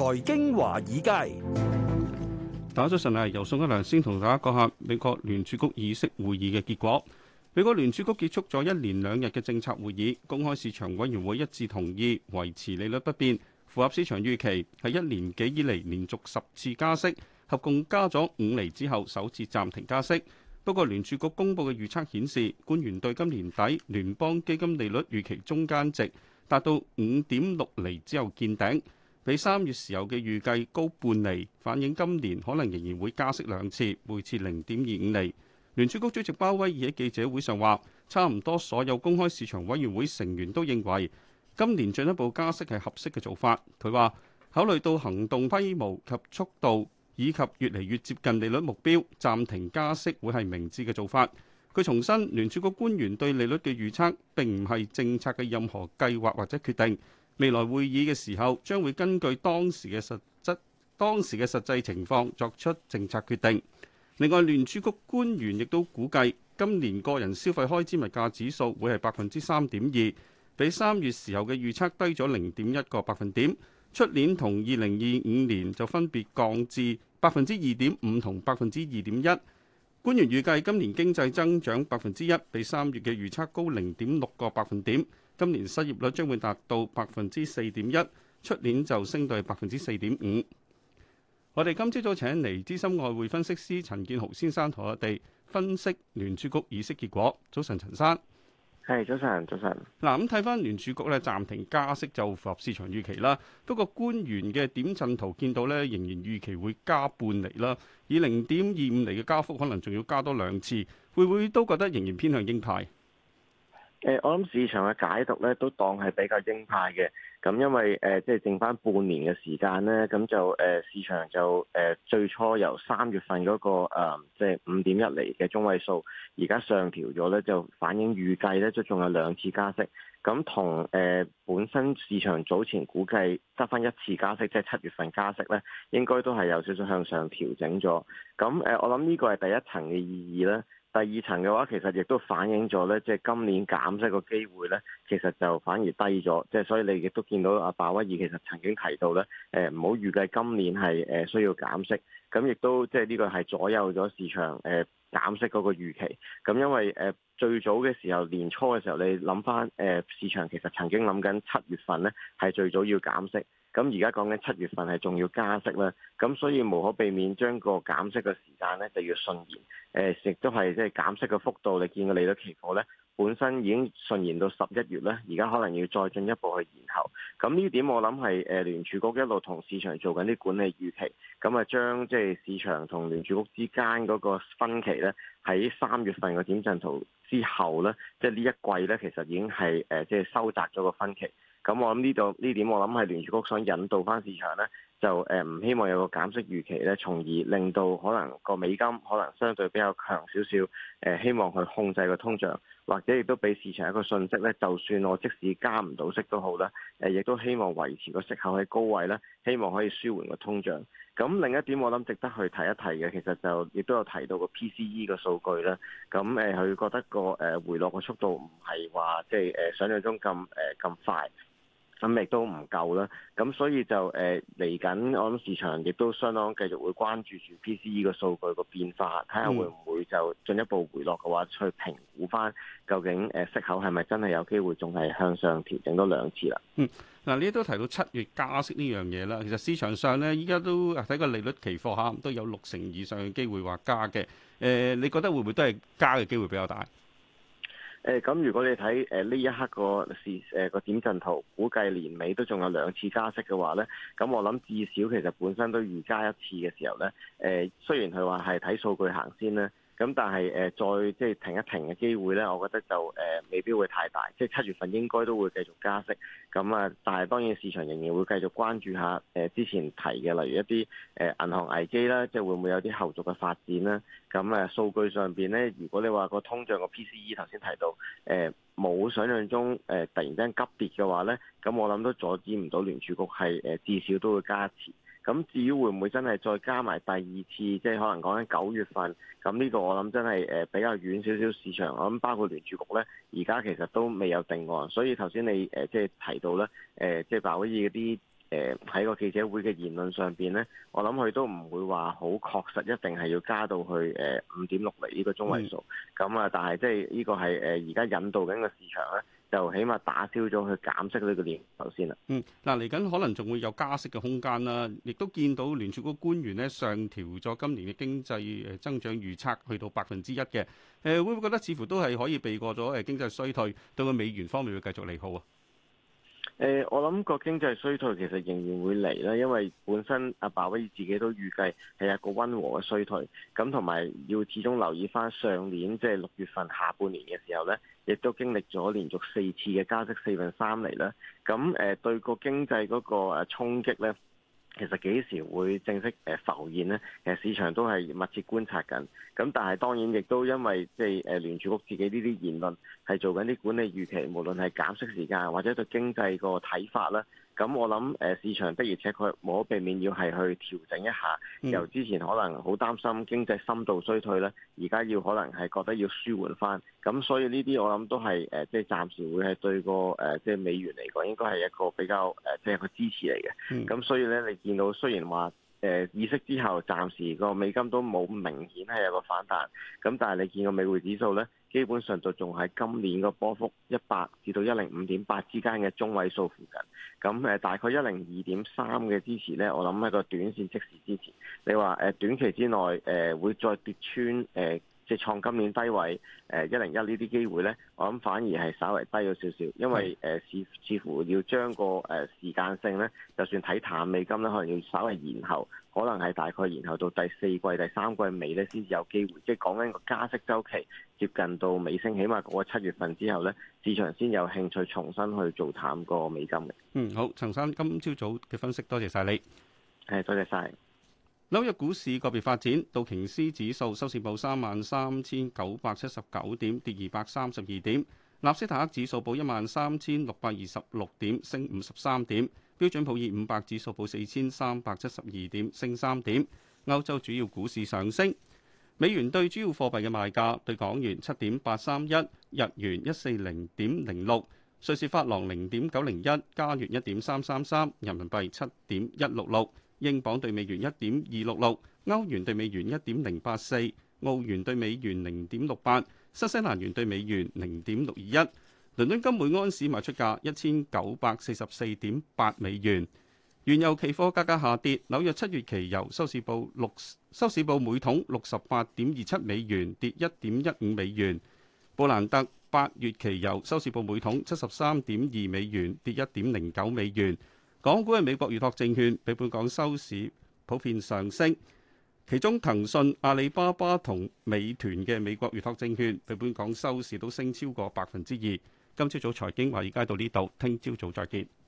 財經華爾街打咗神啊！由宋一良先同大家講下美國聯儲局議息會議嘅結果。美國聯儲局結束咗一連兩日嘅政策會議，公開市場委員會一致同意維持利率不變，符合市場預期。係一年幾以嚟連續十次加息，合共加咗五厘之後，首次暫停加息。不過，聯儲局公布嘅預測顯示，官員對今年底聯邦基金利率預期中間值達到五點六厘之後見頂。比三月時候嘅預計高半厘，反映今年可能仍然會加息兩次，每次零點二五厘。聯儲局主席鮑威爾喺記者會上話，差唔多所有公開市場委員會成員都認為今年進一步加息係合適嘅做法。佢話，考慮到行動規模及速度，以及越嚟越接近利率目標，暫停加息會係明智嘅做法。佢重申，聯儲局官員對利率嘅預測並唔係政策嘅任何計劃或者決定。未來會議嘅時候，將會根據當時嘅實質、當時嘅實際情況作出政策決定。另外，聯儲局官員亦都估計，今年個人消費開支物價指數會係百分之三點二，比三月時候嘅預測低咗零點一個百分點。出年同二零二五年就分別降至百分之二點五同百分之二點一。官員預計今年經濟增長百分之一，比三月嘅預測高零點六個百分點。今年失業率將會達到百分之四點一，出年就升到百分之四點五。我哋今朝早請嚟資深外匯分析師陳建豪先生同我哋分析聯儲局議息結果。早晨，陳生，係早晨，早晨。嗱咁睇翻聯儲局咧，暫停加息就符合市場預期啦。不過官員嘅點陣圖見到咧，仍然預期會加半厘啦，以零點二五厘嘅加幅，可能仲要加多兩次。會唔會都覺得仍然偏向鷹派？誒，我諗市場嘅解讀咧，都當係比較鷹派嘅。咁因為誒、即、呃、係剩翻半年嘅時間咧，咁就誒、呃，市場就誒、呃，最初由三月份嗰、那個誒，即係五點一厘嘅中位數，而家上調咗咧，就反映預計咧，即仲有兩次加息。咁同誒、呃，本身市場早前估計得翻一次加息，即係七月份加息咧，應該都係有少少向上調整咗。咁誒、呃，我諗呢個係第一層嘅意義咧。第二層嘅話，其實亦都反映咗呢。即係今年減息個機會呢，其實就反而低咗。即係所以你亦都見到阿、啊、鮑威爾其實曾經提到呢，誒唔好預計今年係誒、呃、需要減息，咁亦都即係呢個係左右咗市場誒、呃減息嗰個預期，咁因為誒、呃、最早嘅時候年初嘅時候，你諗翻誒市場其實曾經諗緊七月份咧係最早要減息，咁而家講緊七月份係仲要加息啦，咁所以無可避免將個減息嘅時間咧就要順延，誒亦都係即係減息嘅幅度，你見個利率期貨咧。本身已經順延到十一月咧，而家可能要再進一步去延後。咁呢點我諗係誒聯儲局一路同市場做緊啲管理預期，咁啊將即係市場同聯儲局之間嗰個分歧咧，喺三月份個點陣圖之後咧，即係呢一季咧其實已經係誒即係收窄咗個分歧。咁我諗呢度呢點我諗係聯儲局想引導返市場咧。就誒唔希望有個減息預期咧，從而令到可能個美金可能相對比較強少少，誒希望去控制個通脹，或者亦都俾市場一個訊息咧，就算我即使加唔到息都好啦，誒亦都希望維持個息口喺高位咧，希望可以舒緩個通脹。咁另一點我諗值得去提一提嘅，其實就亦都有提到個 PCE 個數據啦。咁誒佢覺得個誒回落個速度唔係話即係誒想像中咁誒咁快。咁亦都唔夠啦，咁所以就誒嚟緊，我諗市場亦都相當繼續會關注住 PCE 個數據個變化，睇下會唔會就進一步回落嘅話，去評估翻究竟誒息口係咪真係有機會仲係向上調整多兩次啦？嗯，嗱，你都提到七月加息呢樣嘢啦，其實市場上咧依家都睇個利率期貨嚇都有六成以上嘅機會話加嘅，誒、呃，你覺得會唔會都係加嘅機會比較大？誒，咁如果你睇誒呢一刻個市誒個點陣圖，估計年尾都仲有兩次加息嘅話咧，咁我諗至少其實本身都預加一次嘅時候咧，誒雖然佢話係睇數據行先咧。咁但係誒再即係停一停嘅機會咧，我覺得就誒未必會太大，即係七月份應該都會繼續加息。咁啊，但係當然市場仍然會繼續關注下誒之前提嘅，例如一啲誒銀行危機啦，即係會唔會有啲後續嘅發展啦。咁啊，數據上邊咧，如果你話個通脹個 PCE 頭先提到誒冇想象中誒突然間急跌嘅話咧，咁我諗都阻止唔到聯儲局係誒至少都會加一咁至於會唔會真係再加埋第二次，即係可能講緊九月份，咁呢個我諗真係誒比較遠少少市場，我諗包括聯儲局呢，而家其實都未有定案。所以頭先你誒即係提到呢，誒即係鮑威爾嗰啲誒喺個記者會嘅言論上邊呢，我諗佢都唔會話好確實一定係要加到去誒五點六厘呢個中位數。咁啊、嗯，但係即係呢個係誒而家引導緊個市場呢。就起碼打消咗佢減息呢個念頭先啦。嗯，嗱嚟緊可能仲會有加息嘅空間啦，亦都見到聯儲局官員咧上調咗今年嘅經濟誒增長預測去到百分之一嘅。誒會唔會覺得似乎都係可以避過咗誒經濟衰退對個美元方面會繼續利好啊？誒，我諗個經濟衰退其實仍然會嚟啦，因為本身阿鮑威爾自己都預計係一個溫和嘅衰退，咁同埋要始終留意翻上年即係六月份下半年嘅時候呢，亦都經歷咗連續四次嘅加息四分三嚟啦，咁誒對個經濟嗰個誒衝擊呢，其實幾時會正式誒浮現呢？其實市場都係密切觀察緊。咁但係當然亦都因為即係誒聯儲局自己呢啲言論係做緊啲管理預期，無論係減息時間或者對經濟個睇法啦。咁我諗誒、呃、市場的，而且佢冇可避免要係去調整一下，由之前可能好擔心經濟深度衰退咧，而家要可能係覺得要舒緩翻，咁所以呢啲我諗都係誒、呃、即係暫時會係對個誒、呃、即係美元嚟講應該係一個比較誒、呃、即係個支持嚟嘅。咁、嗯、所以咧，你見到雖然話。誒、呃、意識之後，暫時個美金都冇明顯係有個反彈，咁但係你見個美匯指數呢，基本上就仲喺今年個波幅一百至到一零五點八之間嘅中位數附近，咁誒大概一零二點三嘅支持呢，我諗係個短線即時支持。你話誒短期之內誒、呃、會再跌穿誒？呃即係創今年低位，誒一零一呢啲機會咧，我諗反而係稍微低咗少少，因為誒似是、呃、似乎要將個誒時間性咧，就算睇淡美金咧，可能要稍微延後，可能係大概延後到第四季、第三季尾咧，先至有機會。即係講緊個加息周期接近到尾聲，起碼過七月份之後咧，市場先有興趣重新去做淡個美金嘅。嗯，好，陳生，今朝早嘅分析，多謝晒你。係，多謝晒。紐約股市個別發展，道瓊斯指數收市報三萬三千九百七十九點，跌二百三十二點；納斯達克指數報一萬三千六百二十六點，升五十三點；標準普爾五百指數報四千三百七十二點，升三點。歐洲主要股市上升，美元對主要貨幣嘅賣價對港元七點八三一，日元一四零點零六，瑞士法郎零點九零一，加元一點三三三，人民幣七點一六六。英鎊兌美元一點二六六，歐元兌美元一點零八四，澳元兌美元零點六八，新西蘭元兌美元零點六二一。倫敦金每安士賣出價一千九百四十四點八美元。原油期貨價格下跌，紐約七月期油收市報六，收市報每桶六十八點二七美元，跌一點一五美元。布蘭特八月期油收市報每桶七十三點二美元，跌一點零九美元。港股嘅美國預託證券比本港收市普遍上升，其中騰訊、阿里巴巴同美團嘅美國預託證券比本港收市都升超過百分之二。今朝早財經華爾街到呢度，聽朝早再見。